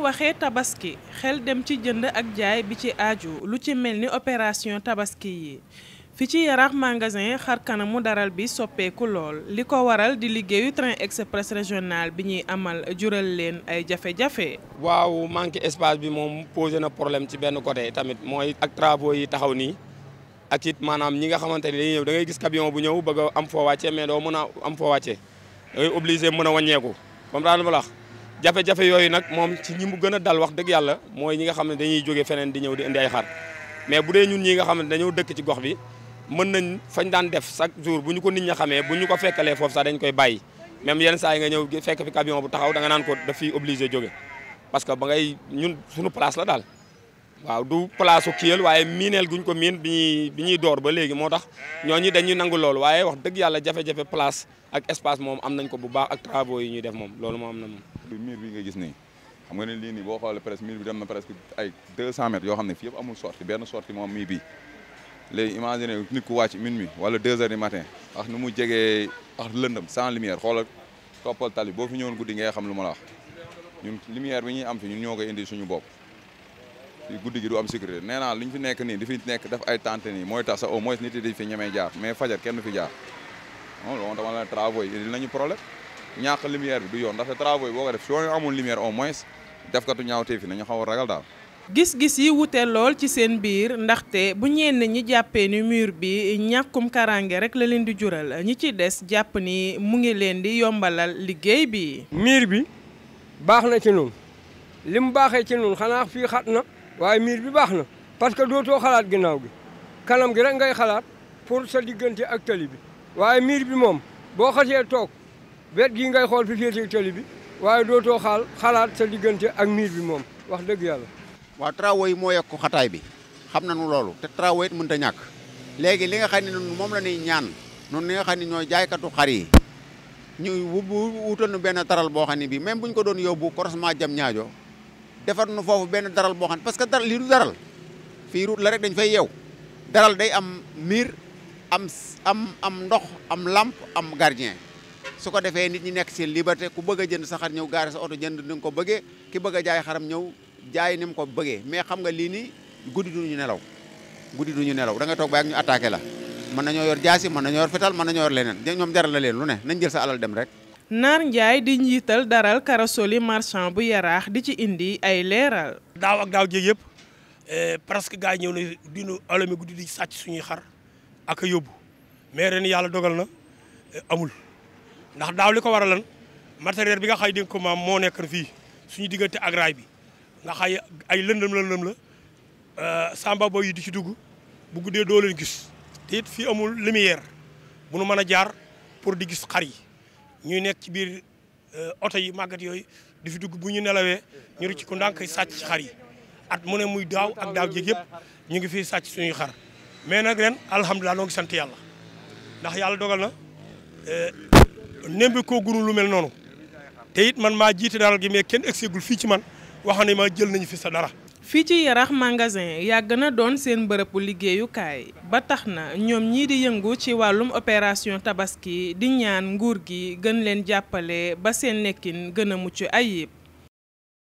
waxee tabaski xel dem ci jënd ak jaay bi ci aaju lu ci mel ni opération tabaski yi fi ci Yaraax magasin xar kanamu daral bi soppeeku lool li ko waral di liggéeyu train express régional bi ñuy amal jural leen ay jafe-jafe. waaw manque espace bi moom posé na problème ci benn côté tamit mooy ak travaux yi taxaw nii ak it maanaam ñi nga xamante ne dañuy ñëw da ngay gis camion bu ñëw bëgg am foo wàccee mais doo mën a am foo wàccee da obligé mën a wàññeeku comme daal ma la wax jafe-jafe yooyu nag moom si ñi mu gën a dal wax dëgg yàlla mooy ñi nga xam ne dañuy jóge feneen di ñëw di indi ay xar mais bu dee ñun ñi nga xam ne dañoo dëkk ci gox bi mën nañ fañ daan def chaque jour bu ñu ko nit ña xamee bu ñu ko fekkalee foofu sax dañ koy bàyyi même yenn saa yi nga ñëw fekk fi camion bu taxaw da nga naan ko daf fiy obligé jóge parce que ba ngay ñun sunu place la daal waaw du place u Kiyeel waaye miineel guñ ko miin bi ñuy bi ñuy door ba léegi moo tax ñooñu dañuy nangu loolu waaye wax dëgg yàlla jafe place ak espace moom am nañ ko bu baax ak travaux yi ñuy def moom loolu moo am na moom bi mur bi nga gis nii xam nga ne lii nii boo xoolee presque mur bi dem na presque ay 200 mètres yoo xam ne fii yëpp amul sortie benn sortie moom mii bii léegi imagine nit ku wàcc min mi wala 2 heures du matin ak nu mu jegee ak lëndëm sans lumière xoolal toppal tali boo fi ñëwoon guddi ngay xam lu ma la wax ñun lumière bi ñu am fi ñun ñoo koy indi suñu bopp fi guddi gi du am sécurité nee naa fi nekk nii di fi nekk def ay tente nii mooy tax sax au moins nit yi di fi ñemee jaar mais fajar kenn ñàkk lumière bi du yoon ndaxte travaux yi boo ko def soo amul lumière au moins def katu ñaawtee fi nañu xaw a ragal daal. gis-gis yi wute lool ci seen biir ndaxte bu ñenn ñi jàppee ni mur bi ñàkkum karange rek la leen di jural ñi ci des jàpp ni mu ngi leen di yombalal liggéey bi. mur bi baax na ci noonu li mu baaxee ci noonu xanaa fii xat na waaye miir bi baax na parce que dootoo xalaat ginnaaw gi kanam gi rek ngay xalaat pour sa diggante ak tali bi waaye mur bi moom boo xasee toog. wet gii ngay xool fi féetee tali bi waaye dootoo xaal xalaat sa diggante ak miir bi moom wax dëgg yàlla. waa travaux yi moo yokk xataay bi xam na nañu loolu te travaux it mënut ñàkk léegi li nga xam ne nun moom la ñuy ñaan nun li nga xam ne ñooy jaaykatu xar yi ñuy ñu wutal nu benn taral boo xam ne bii même bu ñu ko doon yóbbu croisement jam ñaajo defar nu foofu benn daral boo xam ne parce que daral lii du daral fii route la rek dañ fay yeew daral day am miir am am am ndox am lampe am gardien. su ko defee nit ñi nekk seen liberté ku bëgg a jënd saxaar xar ñëw gaare sa oto jënd ni ko bëggee ki bëgg jaay xaram ñëw jaay ni mu ko bëggee mais xam nga lii nii guddi duñu nelaw guddi duñu nelaw da nga toog ba ak ñu attaqué la mën nañoo yor jaasi mën nañoo yor fetal mën nañoo yor leneen ñoom jaral la leen lu ne nañ jël sa alal dem rek Naar Ndiaye di njiital daral Karasoli marchand bu yaraax di ci indi ay leeral. daaw ak daaw jéeg yëpp eh, presque gars yi ñëw na dinu alami guddi di sàcc suñuy xar ak a yàlla dogal na eh, ndax daaw li ko waraloon matériel bi nga xay dénk ko maam moo nekk nekkoon fii suñu diggante ak raay bi nga xay ay lëndëm lëndëm la euh, samba boy yi di ci dugg bu guddee doole leen gis te it fii amul lumière bu nu mën a jaar pour di gis xar yi ñuy nekk ci biir euh, oto yi màggat yooyu di fi dugg bu ñu nelawee ñu rëcc ko ndànk sàcc ci xar yi at mu ne muy daaw ak daaw jéeg yëpp ñu ngi fiy sàcc suñuy xar mais nag ren alhamdulilah noo ngi sant yàlla ndax yàlla dogal na euh, nembi koo guru lu mel noonu te it man maa jiite daral gi mais kenn egseegul fii ci man wax na ma jël nañu fi sa dara. fii ci Yarax magasin yàgg na doon seen bërëbu liggéeyukaay ba tax na ñoom ñii di yëngu ci wàllum opération tabaski di ñaan nguur gi gën leen jàppale ba seen nekkin gën a mucc ayib.